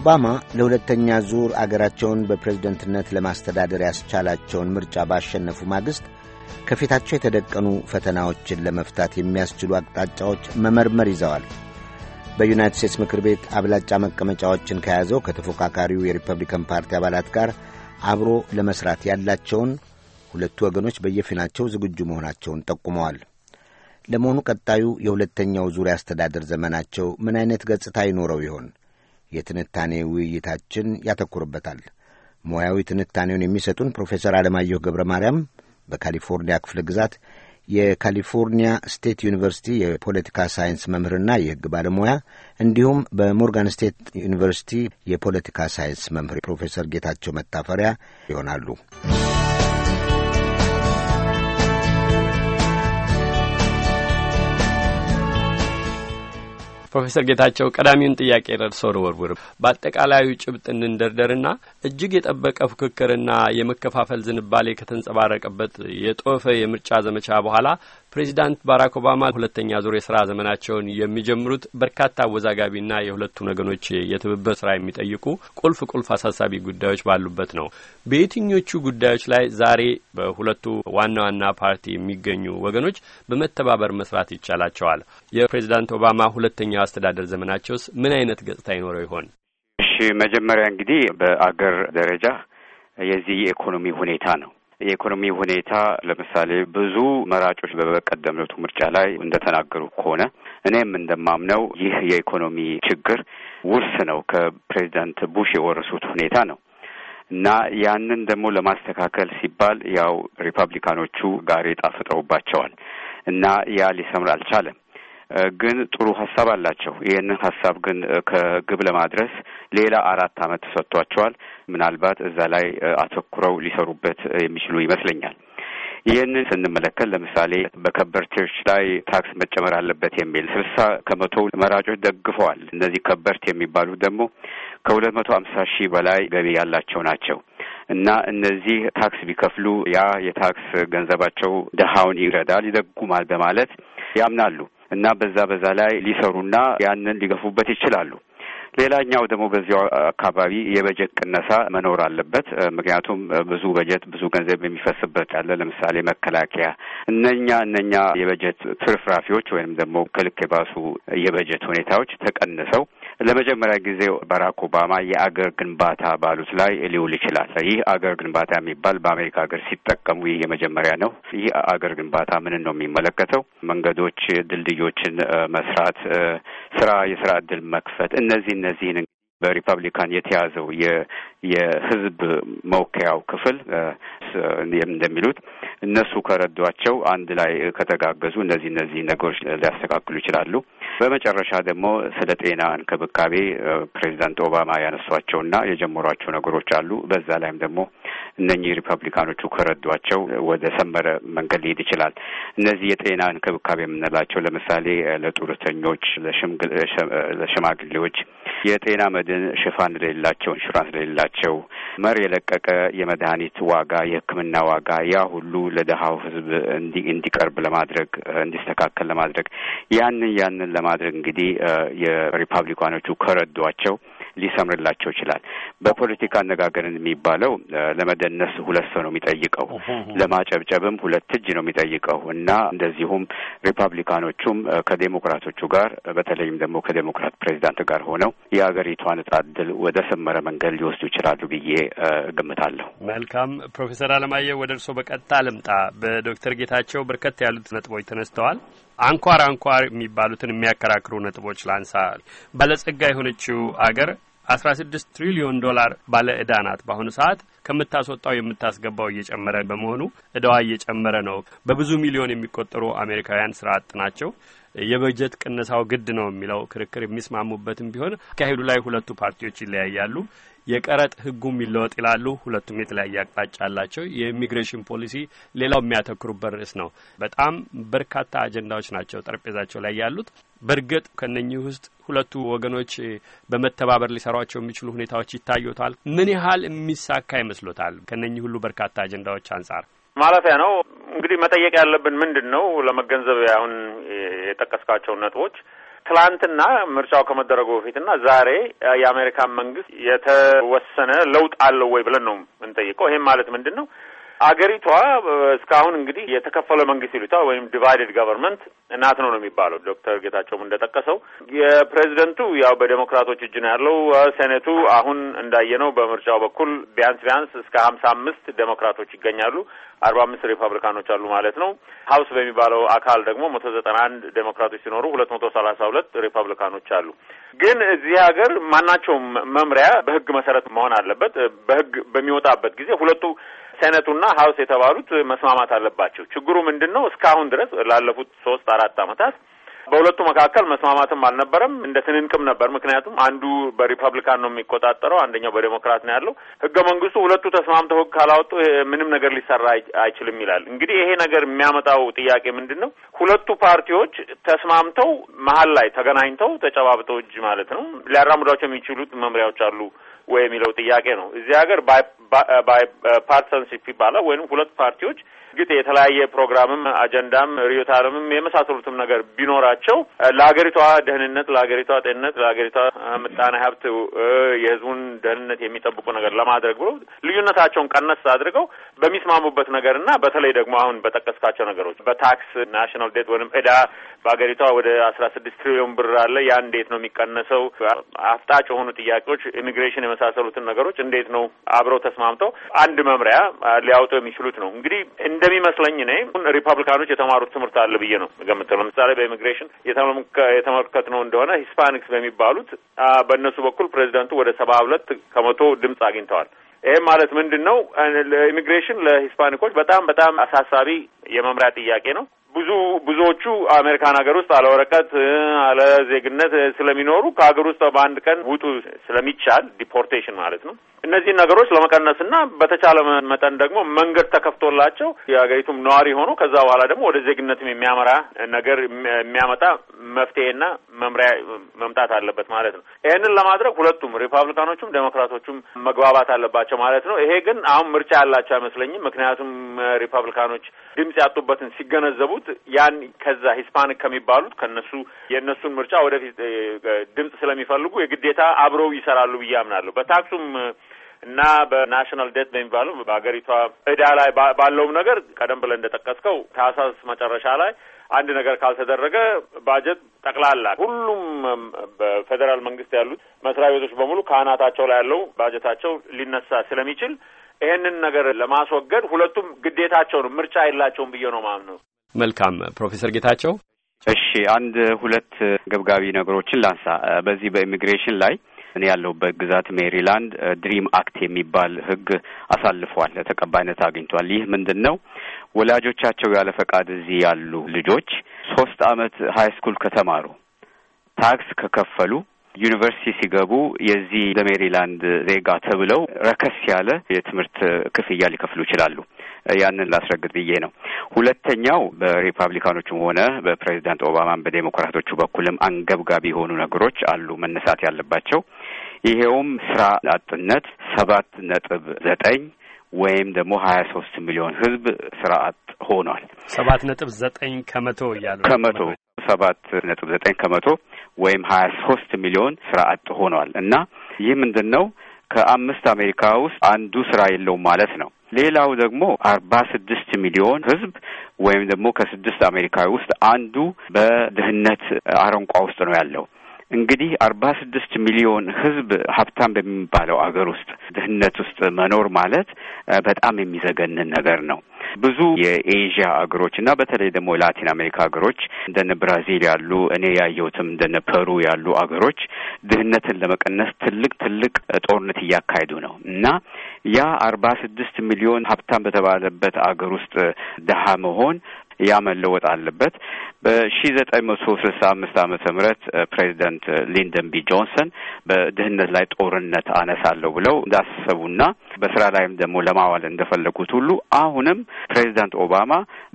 ኦባማ ለሁለተኛ ዙር አገራቸውን በፕሬዝደንትነት ለማስተዳደር ያስቻላቸውን ምርጫ ባሸነፉ ማግስት ከፊታቸው የተደቀኑ ፈተናዎችን ለመፍታት የሚያስችሉ አቅጣጫዎች መመርመር ይዘዋል። በዩናይት ስቴትስ ምክር ቤት አብላጫ መቀመጫዎችን ከያዘው ከተፎካካሪው የሪፐብሊካን ፓርቲ አባላት ጋር አብሮ ለመስራት ያላቸውን ሁለቱ ወገኖች በየፊናቸው ዝግጁ መሆናቸውን ጠቁመዋል። ለመሆኑ ቀጣዩ የሁለተኛው ዙሪያ አስተዳደር ዘመናቸው ምን አይነት ገጽታ ይኖረው ይሆን? የትንታኔ ውይይታችን ያተኩርበታል። ሙያዊ ትንታኔውን የሚሰጡን ፕሮፌሰር አለማየሁ ገብረ ማርያም በካሊፎርኒያ ክፍለ ግዛት የካሊፎርኒያ ስቴት ዩኒቨርሲቲ የፖለቲካ ሳይንስ መምህርና የሕግ ባለሙያ እንዲሁም በሞርጋን ስቴት ዩኒቨርሲቲ የፖለቲካ ሳይንስ መምህር ፕሮፌሰር ጌታቸው መታፈሪያ ይሆናሉ። ፕሮፌሰር ጌታቸው ቀዳሚውን ጥያቄ ረድሶ ልወርውር። በአጠቃላዩ ጭብጥ እንንደርደርና እጅግ የጠበቀ ፉክክርና የመከፋፈል ዝንባሌ ከተንጸባረቀበት የጦፈ የምርጫ ዘመቻ በኋላ ፕሬዚዳንት ባራክ ኦባማ ሁለተኛ ዙር የስራ ዘመናቸውን የሚጀምሩት በርካታ አወዛጋቢና የሁለቱን ወገኖች የትብብር ስራ የሚጠይቁ ቁልፍ ቁልፍ አሳሳቢ ጉዳዮች ባሉበት ነው። በየትኞቹ ጉዳዮች ላይ ዛሬ በሁለቱ ዋና ዋና ፓርቲ የሚገኙ ወገኖች በመተባበር መስራት ይቻላቸዋል? የፕሬዚዳንት ኦባማ ሁለተኛው አስተዳደር ዘመናቸውስ ምን አይነት ገጽታ ይኖረው ይሆን? እሺ፣ መጀመሪያ እንግዲህ በአገር ደረጃ የዚህ የኢኮኖሚ ሁኔታ ነው የኢኮኖሚ ሁኔታ ለምሳሌ ብዙ መራጮች በበቀደምነቱ ምርጫ ላይ እንደተናገሩ ከሆነ እኔም እንደማምነው ይህ የኢኮኖሚ ችግር ውርስ ነው። ከፕሬዚዳንት ቡሽ የወረሱት ሁኔታ ነው እና ያንን ደግሞ ለማስተካከል ሲባል ያው ሪፐብሊካኖቹ ጋሬጣ ፈጥረውባቸዋል እና ያ ሊሰምር አልቻለም። ግን ጥሩ ሀሳብ አላቸው። ይህንን ሀሳብ ግን ከግብ ለማድረስ ሌላ አራት አመት ተሰጥቷቸዋል። ምናልባት እዛ ላይ አተኩረው ሊሰሩበት የሚችሉ ይመስለኛል። ይህንን ስንመለከት ለምሳሌ በከበርቴዎች ላይ ታክስ መጨመር አለበት የሚል ስልሳ ከመቶ መራጮች ደግፈዋል። እነዚህ ከበርት የሚባሉት ደግሞ ከሁለት መቶ ሀምሳ ሺህ በላይ ገቢ ያላቸው ናቸው እና እነዚህ ታክስ ቢከፍሉ ያ የታክስ ገንዘባቸው ድሀውን ይረዳል፣ ይደጉማል በማለት ያምናሉ። እና በዛ በዛ ላይ ሊሰሩና ያንን ሊገፉበት ይችላሉ። ሌላኛው ደግሞ በዚያው አካባቢ የበጀት ቅነሳ መኖር አለበት። ምክንያቱም ብዙ በጀት ብዙ ገንዘብ የሚፈስበት ያለ ለምሳሌ መከላከያ፣ እነኛ እነኛ የበጀት ፍርፍራፊዎች ወይም ደግሞ ከልክ የባሱ የበጀት ሁኔታዎች ተቀንሰው ለመጀመሪያ ጊዜ ባራክ ኦባማ የአገር ግንባታ ባሉት ላይ ሊውል ይችላል። ይህ አገር ግንባታ የሚባል በአሜሪካ ሀገር ሲጠቀሙ ይህ የመጀመሪያ ነው። ይህ አገር ግንባታ ምንን ነው የሚመለከተው? መንገዶች፣ ድልድዮችን መስራት፣ ስራ፣ የስራ እድል መክፈት እነዚህ እነዚህን በሪፐብሊካን የተያዘው የህዝብ መወከያው ክፍል እንደሚሉት እነሱ ከረዷቸው አንድ ላይ ከተጋገዙ እነዚህ እነዚህ ነገሮች ሊያስተካክሉ ይችላሉ። በመጨረሻ ደግሞ ስለ ጤና እንክብካቤ ፕሬዚዳንት ኦባማ ያነሷቸውና የጀመሯቸው ነገሮች አሉ። በዛ ላይም ደግሞ እነኚህ ሪፐብሊካኖቹ ከረዷቸው ወደ ሰመረ መንገድ ሊሄድ ይችላል። እነዚህ የጤና እንክብካቤ የምንላቸው ለምሳሌ ለጡረተኞች፣ ለሽማግሌዎች የጤና መድን ሽፋን ለሌላቸው፣ ኢንሹራንስ ለሌላቸው መር የለቀቀ የመድኃኒት ዋጋ፣ የሕክምና ዋጋ ያ ሁሉ ለደሃው ህዝብ እንዲቀርብ ለማድረግ እንዲስተካከል ለማድረግ ያንን ያንን ለማድረግ እንግዲህ የሪፐብሊካኖቹ ከረዷቸው ሊሰምርላቸው ይችላል። በፖለቲካ አነጋገርን የሚባለው ለመደነስ ሁለት ሰው ነው የሚጠይቀው፣ ለማጨብጨብም ሁለት እጅ ነው የሚጠይቀው እና እንደዚሁም ሪፐብሊካኖቹም ከዴሞክራቶቹ ጋር በተለይም ደግሞ ከዴሞክራት ፕሬዚዳንት ጋር ሆነው የሀገሪቷን ዕጣ ዕድል ወደ ሰመረ መንገድ ሊወስዱ ይችላሉ ብዬ እገምታለሁ። መልካም ፕሮፌሰር አለማየሁ ወደ እርስዎ በቀጥታ ልምጣ። በዶክተር ጌታቸው በርከት ያሉት ነጥቦች ተነስተዋል። አንኳር አንኳር የሚባሉትን የሚያከራክሩ ነጥቦች ላንሳ። ባለጸጋ የሆነችው አገር አስራ ስድስት ትሪሊዮን ዶላር ባለ እዳ ናት። በአሁኑ ሰዓት ከምታስወጣው የምታስገባው እየጨመረ በመሆኑ እዳዋ እየጨመረ ነው። በብዙ ሚሊዮን የሚቆጠሩ አሜሪካውያን ስራ አጥ ናቸው። የበጀት ቅነሳው ግድ ነው የሚለው ክርክር የሚስማሙበትም ቢሆን አካሄዱ ላይ ሁለቱ ፓርቲዎች ይለያያሉ። የቀረጥ ህጉም ይለወጥ ይላሉ። ሁለቱም የተለያየ አቅጣጫ አላቸው። የኢሚግሬሽን ፖሊሲ ሌላው የሚያተክሩበት ርዕስ ነው። በጣም በርካታ አጀንዳዎች ናቸው ጠረጴዛቸው ላይ ያሉት። በእርግጥ ከነኚህ ውስጥ ሁለቱ ወገኖች በመተባበር ሊሰሯቸው የሚችሉ ሁኔታዎች ይታዩታል። ምን ያህል የሚሳካ ይመስሎታል? ከነኚህ ሁሉ በርካታ አጀንዳዎች አንጻር ማለፊያ ነው እንግዲህ መጠየቅ ያለብን ምንድን ነው ለመገንዘብ አሁን የጠቀስካቸው ነጥቦች ትላንትና ምርጫው ከመደረጉ በፊትና ዛሬ የአሜሪካን መንግስት የተወሰነ ለውጥ አለው ወይ ብለን ነው የምንጠይቀው። ይህም ማለት ምንድን ነው? አገሪቷ እስካሁን እንግዲህ የተከፈለ መንግስት ይሉታል ወይም ዲቫይድድ ገቨርንመንት እናት ነው ነው የሚባለው። ዶክተር ጌታቸውም እንደጠቀሰው የፕሬዚደንቱ ያው በዴሞክራቶች እጅ ነው ያለው። ሴኔቱ አሁን እንዳየነው በምርጫው በኩል ቢያንስ ቢያንስ እስከ ሀምሳ አምስት ዴሞክራቶች ይገኛሉ፣ አርባ አምስት ሪፐብሊካኖች አሉ ማለት ነው። ሀውስ በሚባለው አካል ደግሞ መቶ ዘጠና አንድ ዴሞክራቶች ሲኖሩ ሁለት መቶ ሰላሳ ሁለት ሪፐብሊካኖች አሉ። ግን እዚህ ሀገር ማናቸውም መምሪያ በህግ መሰረት መሆን አለበት። በህግ በሚወጣበት ጊዜ ሁለቱ ሴኔቱና ሀውስ የተባሉት መስማማት አለባቸው። ችግሩ ምንድን ነው? እስካሁን ድረስ ላለፉት ሶስት አራት ዓመታት በሁለቱ መካከል መስማማትም አልነበረም። እንደ ትንንቅም ነበር። ምክንያቱም አንዱ በሪፐብሊካን ነው የሚቆጣጠረው፣ አንደኛው በዴሞክራት ነው ያለው። ህገ መንግስቱ ሁለቱ ተስማምተው ህግ ካላወጡ ምንም ነገር ሊሰራ አይችልም ይላል። እንግዲህ ይሄ ነገር የሚያመጣው ጥያቄ ምንድን ነው? ሁለቱ ፓርቲዎች ተስማምተው መሀል ላይ ተገናኝተው ተጨባብተው እጅ ማለት ነው ሊያራምዷቸው የሚችሉት መምሪያዎች አሉ ወይ የሚለው ጥያቄ ነው። እዚህ ሀገር ባይ ፓርትነርሺፕ ይባላል ወይም ሁለት ፓርቲዎች ግጥ የተለያየ ፕሮግራምም አጀንዳም ርዕዮተ ዓለምም የመሳሰሉትም ነገር ቢኖራቸው ለሀገሪቷ ደህንነት፣ ለሀገሪቷ ጤንነት፣ ለሀገሪቷ ምጣኔ ሀብት የህዝቡን ደህንነት የሚጠብቁ ነገር ለማድረግ ብሎ ልዩነታቸውን ቀነስ አድርገው በሚስማሙበት ነገር እና በተለይ ደግሞ አሁን በጠቀስካቸው ነገሮች በታክስ ናሽናል ዴት ወይም እዳ በሀገሪቷ ወደ አስራ ስድስት ትሪሊዮን ብር አለ። ያ እንዴት ነው የሚቀነሰው? አፍጣጭ የሆኑ ጥያቄዎች ኢሚግሬሽን የመሳሰሉትን ነገሮች እንዴት ነው አብረው ተስማምተው አንድ መምሪያ ሊያወጡ የሚችሉት ነው። እንግዲህ እንደሚመስለኝ እኔ ሪፐብሊካኖች የተማሩት ትምህርት አለ ብዬ ነው ገምተው። ለምሳሌ በኢሚግሬሽን የተመለከት ነው እንደሆነ ሂስፓኒክስ በሚባሉት በእነሱ በኩል ፕሬዚደንቱ ወደ ሰባ ሁለት ከመቶ ድምፅ አግኝተዋል። ይህም ማለት ምንድን ነው? ኢሚግሬሽን ለሂስፓኒኮች በጣም በጣም አሳሳቢ የመምሪያ ጥያቄ ነው። ብዙ ብዙዎቹ አሜሪካን ሀገር ውስጥ አለ ወረቀት አለ ዜግነት ስለሚኖሩ ከሀገር ውስጥ በአንድ ቀን ውጡ ስለሚቻል ዲፖርቴሽን ማለት ነው። እነዚህን ነገሮች ለመቀነስና በተቻለ መጠን ደግሞ መንገድ ተከፍቶላቸው የሀገሪቱም ነዋሪ ሆኖ ከዛ በኋላ ደግሞ ወደ ዜግነትም የሚያመራ ነገር የሚያመጣ መፍትሄና መምሪያ መምጣት አለበት ማለት ነው። ይህንን ለማድረግ ሁለቱም ሪፐብሊካኖቹም ዴሞክራቶቹም መግባባት አለባቸው ማለት ነው። ይሄ ግን አሁን ምርጫ ያላቸው አይመስለኝም። ምክንያቱም ሪፐብሊካኖች ድምፅ ያጡበትን ሲገነዘቡት ያን ከዛ ሂስፓኒክ ከሚባሉት ከነሱ የእነሱን ምርጫ ወደፊት ድምፅ ስለሚፈልጉ የግዴታ አብረው ይሰራሉ ብዬ አምናለሁ። በታክሱም እና በናሽናል ዴት በሚባለው በሀገሪቷ እዳ ላይ ባለውም ነገር ቀደም ብለን እንደጠቀስከው ታህሳስ መጨረሻ ላይ አንድ ነገር ካልተደረገ ባጀት ጠቅላላ ሁሉም በፌዴራል መንግስት ያሉት መስሪያ ቤቶች በሙሉ ካህናታቸው ላይ ያለው ባጀታቸው ሊነሳ ስለሚችል ይህንን ነገር ለማስወገድ ሁለቱም ግዴታቸው ነው፣ ምርጫ የላቸውም ብዬ ነው ማምነው። መልካም ፕሮፌሰር ጌታቸው እሺ፣ አንድ ሁለት ገብጋቢ ነገሮችን ላንሳ። በዚህ በኢሚግሬሽን ላይ እኔ ያለሁበት ግዛት ሜሪላንድ ድሪም አክት የሚባል ህግ አሳልፏል፣ ተቀባይነት አግኝቷል። ይህ ምንድን ነው? ወላጆቻቸው ያለ ፈቃድ እዚህ ያሉ ልጆች ሶስት አመት ሀይ ስኩል ከተማሩ ታክስ ከከፈሉ ዩኒቨርሲቲ ሲገቡ የዚህ ለሜሪላንድ ዜጋ ተብለው ረከስ ያለ የትምህርት ክፍያ ሊከፍሉ ይችላሉ። ያንን ላስረግጥ ብዬ ነው። ሁለተኛው በሪፐብሊካኖቹም ሆነ በፕሬዚዳንት ኦባማን በዴሞክራቶቹ በኩልም አንገብጋቢ የሆኑ ነገሮች አሉ መነሳት ያለባቸው። ይሄውም ስራ አጥነት ሰባት ነጥብ ዘጠኝ ወይም ደግሞ ሀያ ሶስት ሚሊዮን ህዝብ ስራ አጥ ሆኗል። ሰባት ነጥብ ዘጠኝ ከመቶ እያሉ ከመቶ ሰባት ነጥብ ዘጠኝ ከመቶ ወይም ሀያ ሶስት ሚሊዮን ስራ አጥ ሆኗል እና ይህ ምንድን ነው? ከአምስት አሜሪካ ውስጥ አንዱ ስራ የለውም ማለት ነው። ሌላው ደግሞ አርባ ስድስት ሚሊዮን ህዝብ ወይም ደግሞ ከስድስት አሜሪካዊ ውስጥ አንዱ በድህነት አረንቋ ውስጥ ነው ያለው። እንግዲህ አርባ ስድስት ሚሊዮን ህዝብ ሀብታም በሚባለው አገር ውስጥ ድህነት ውስጥ መኖር ማለት በጣም የሚዘገንን ነገር ነው። ብዙ የኤዥያ አገሮች እና በተለይ ደግሞ የላቲን አሜሪካ አገሮች እንደነ ብራዚል ያሉ እኔ ያየሁትም እንደነ ፐሩ ያሉ አገሮች ድህነትን ለመቀነስ ትልቅ ትልቅ ጦርነት እያካሄዱ ነው እና ያ አርባ ስድስት ሚሊዮን ሀብታም በተባለበት አገር ውስጥ ድሀ መሆን ያ መለወጥ አለበት። በሺ ዘጠኝ መቶ ስልሳ አምስት አመተ ምህረት ፕሬዚደንት ሊንደን ቢ ጆንሰን በድህነት ላይ ጦርነት አነሳለሁ ብለው እንዳሰቡና በስራ ላይም ደግሞ ለማዋል እንደፈለጉት ሁሉ አሁንም ፕሬዚዳንት ኦባማ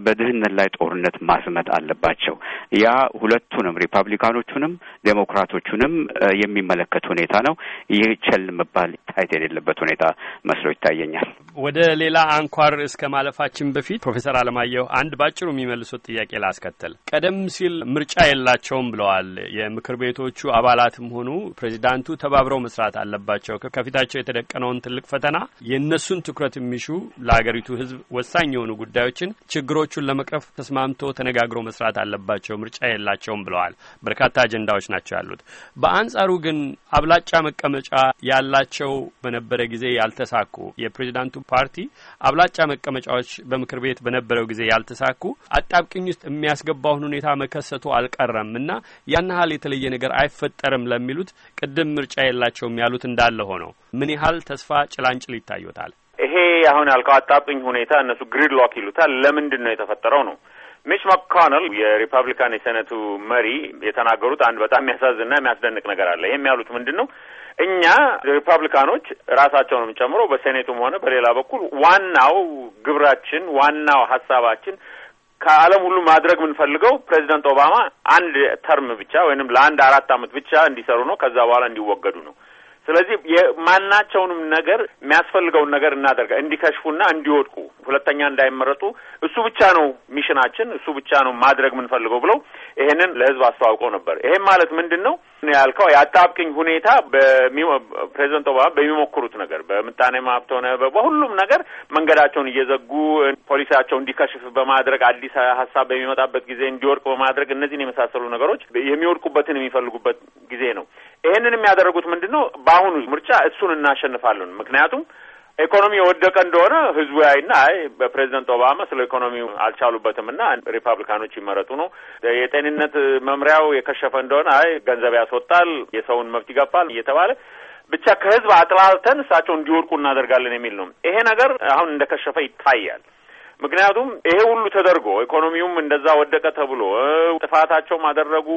በድህነት ላይ ጦርነት ማስመት አለባቸው። ያ ሁለቱንም ሪፐብሊካኖቹንም ዴሞክራቶቹንም የሚመለከት ሁኔታ ነው። ይህ ቸል መባል ታይት የሌለበት ሁኔታ መስሎ ይታየኛል። ወደ ሌላ አንኳር እስከ ማለፋችን በፊት ፕሮፌሰር አለማየሁ አንድ ባጭሩ የሚመልሱት ጥያቄ ላስከተል። ቀደም ሲል ምርጫ የላቸውም ብለዋል። የምክር ቤቶቹ አባላትም ሆኑ ፕሬዚዳንቱ ተባብረው መስራት አለባቸው። ከፊታቸው የተደቀነውን ትልቅ ፈተና፣ የእነሱን ትኩረት የሚሹ ለሀገሪቱ ሕዝብ ወሳኝ የሆኑ ጉዳዮችን፣ ችግሮቹን ለመቅረፍ ተስማምቶ ተነጋግሮ መስራት አለባቸው። ምርጫ የላቸውም ብለዋል። በርካታ አጀንዳዎች ናቸው ያሉት። በአንጻሩ ግን አብላጫ መቀመጫ ያላቸው በነበረ ጊዜ ያልተሳኩ የፕሬዚዳንቱ ፓርቲ አብላጫ መቀመጫዎች በምክር ቤት በነበረው ጊዜ ያልተሳኩ አጣብቅኝ ውስጥ የሚያስገባውን ሁኔታ መከሰቱ አልቀረም እና ያን ያህል የተለየ ነገር አይፈጠርም ለሚሉት ቅድም ምርጫ የላቸውም ያሉት እንዳለ ሆነው ምን ያህል ተስፋ ጭላንጭል ይታዩታል? ይሄ አሁን ያልከው አጣብቅኝ ሁኔታ እነሱ ግሪድ ሎክ ይሉታል። ለምንድን ነው የተፈጠረው ነው ሚች መኮነል የሪፐብሊካን የሴኔቱ መሪ የተናገሩት አንድ በጣም የሚያሳዝንና የሚያስደንቅ ነገር አለ። ይህም ያሉት ምንድን ነው? እኛ ሪፐብሊካኖች ራሳቸውንም ጨምሮ በሴኔቱም ሆነ በሌላ በኩል ዋናው ግብራችን፣ ዋናው ሀሳባችን ከዓለም ሁሉ ማድረግ የምንፈልገው ፕሬዚደንት ኦባማ አንድ ተርም ብቻ ወይንም ለአንድ አራት ዓመት ብቻ እንዲሰሩ ነው። ከዛ በኋላ እንዲወገዱ ነው። ስለዚህ የማናቸውንም ነገር የሚያስፈልገውን ነገር እናደርጋ እንዲከሽፉና እንዲወድቁ ሁለተኛ እንዳይመረጡ እሱ ብቻ ነው ሚሽናችን፣ እሱ ብቻ ነው ማድረግ የምንፈልገው ብለው ይሄንን ለህዝብ አስተዋውቀው ነበር። ይሄን ማለት ምንድን ነው ያልከው የአጣብቅኝ ሁኔታ በፕሬዚደንት ኦባማ በሚሞክሩት ነገር በምጣኔ ሀብት ሆነ በሁሉም ነገር መንገዳቸውን እየዘጉ ፖሊሲያቸው እንዲከሽፍ በማድረግ አዲስ ሀሳብ በሚመጣበት ጊዜ እንዲወድቅ በማድረግ እነዚህን የመሳሰሉ ነገሮች የሚወድቁበትን የሚፈልጉበት ጊዜ ነው። ይህንን የሚያደረጉት ምንድን ነው? በአሁኑ ምርጫ እሱን እናሸንፋለን። ምክንያቱም ኢኮኖሚ የወደቀ እንደሆነ ህዝቡ ያይና አይ በፕሬዚደንት ኦባማ ስለ ኢኮኖሚው አልቻሉበትም እና ሪፐብሊካኖች ይመረጡ ነው። የጤንነት መምሪያው የከሸፈ እንደሆነ አይ ገንዘብ ያስወጣል፣ የሰውን መብት ይገፋል እየተባለ ብቻ ከህዝብ አጥላልተን እሳቸው እንዲወድቁ እናደርጋለን የሚል ነው። ይሄ ነገር አሁን እንደከሸፈ ይታያል። ምክንያቱም ይሄ ሁሉ ተደርጎ ኢኮኖሚውም እንደዛ ወደቀ ተብሎ ጥፋታቸውም አደረጉ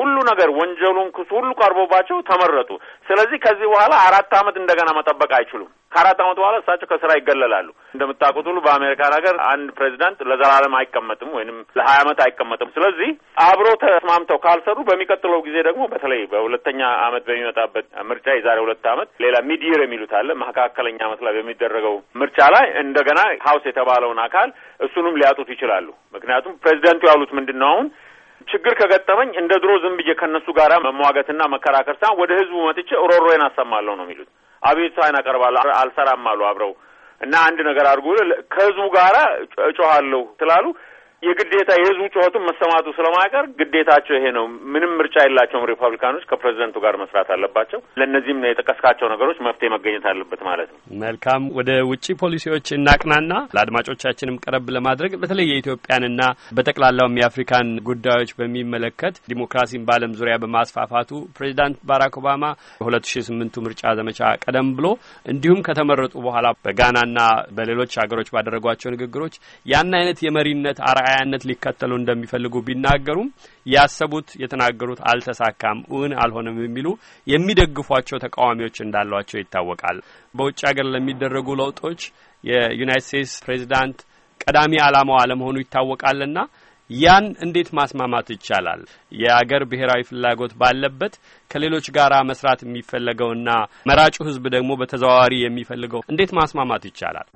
ሁሉ ነገር ወንጀሉን ክሱ ሁሉ ቀርቦባቸው ተመረጡ። ስለዚህ ከዚህ በኋላ አራት ዓመት እንደገና መጠበቅ አይችሉም። ከአራት ዓመት በኋላ እሳቸው ከስራ ይገለላሉ። እንደምታውቁት ሁሉ በአሜሪካን ሀገር አንድ ፕሬዚዳንት ለዘላለም አይቀመጥም ወይንም ለሀያ ዓመት አይቀመጥም። ስለዚህ አብሮ ተስማምተው ካልሰሩ በሚቀጥለው ጊዜ ደግሞ በተለይ በሁለተኛ ዓመት በሚመጣበት ምርጫ የዛሬ ሁለት ዓመት ሌላ ሚድየር የሚሉት አለ መካከለኛ ዓመት ላይ በሚደረገው ምርጫ ላይ እንደገና ሀውስ የተባለውን አካል እሱንም ሊያጡት ይችላሉ። ምክንያቱም ፕሬዚዳንቱ ያሉት ምንድን ነው አሁን ችግር ከገጠመኝ እንደ ድሮ ዝም ብዬ ከእነሱ ጋር መሟገትና መከራከር ሳይሆን ወደ ህዝቡ መጥቼ ሮሮዬን አሰማለሁ ነው የሚሉት። አቤቱታን አቀርባለሁ አልሰራም አሉ አብረው እና አንድ ነገር አድርጉ ከህዝቡ ጋር እጮኋለሁ ስላሉ የግዴታ የህዝቡ ጩኸቱን መሰማቱ ስለማይቀር ግዴታቸው ይሄ ነው። ምንም ምርጫ የላቸውም። ሪፐብሊካኖች ከፕሬዚደንቱ ጋር መስራት አለባቸው። ለእነዚህም የጠቀስካቸው ነገሮች መፍትሄ መገኘት አለበት ማለት ነው። መልካም። ወደ ውጭ ፖሊሲዎች እናቅናና ለአድማጮቻችንም ቀረብ ለማድረግ በተለይ የኢትዮጵያንና በጠቅላላውም የአፍሪካን ጉዳዮች በሚመለከት ዲሞክራሲን በዓለም ዙሪያ በማስፋፋቱ ፕሬዚዳንት ባራክ ኦባማ በሁለት ሺ ስምንቱ ምርጫ ዘመቻ ቀደም ብሎ እንዲሁም ከተመረጡ በኋላ በጋናና በሌሎች ሀገሮች ባደረጓቸው ንግግሮች ያን አይነት የመሪነት አርአያ አርአያነት ሊከተሉ እንደሚፈልጉ ቢናገሩም ያሰቡት የተናገሩት አልተሳካም፣ እውን አልሆነም የሚሉ የሚደግፏቸው ተቃዋሚዎች እንዳሏቸው ይታወቃል። በውጭ ሀገር ለሚደረጉ ለውጦች የዩናይት ስቴትስ ፕሬዚዳንት ቀዳሚ ዓላማው አለመሆኑ ይታወቃልና ያን እንዴት ማስማማት ይቻላል? የአገር ብሔራዊ ፍላጎት ባለበት ከሌሎች ጋራ መስራት የሚፈለገውና መራጩ ሕዝብ ደግሞ በተዘዋዋሪ የሚፈልገው እንዴት ማስማማት ይቻላል?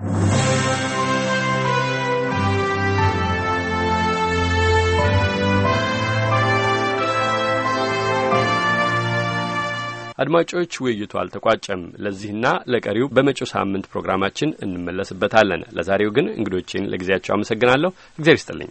አድማጮች፣ ውይይቱ አልተቋጨም። ለዚህና ለቀሪው በመጪው ሳምንት ፕሮግራማችን እንመለስበታለን። ለዛሬው ግን እንግዶቼን ለጊዜያቸው አመሰግናለሁ። እግዚአብሔር ይስጥልኝ።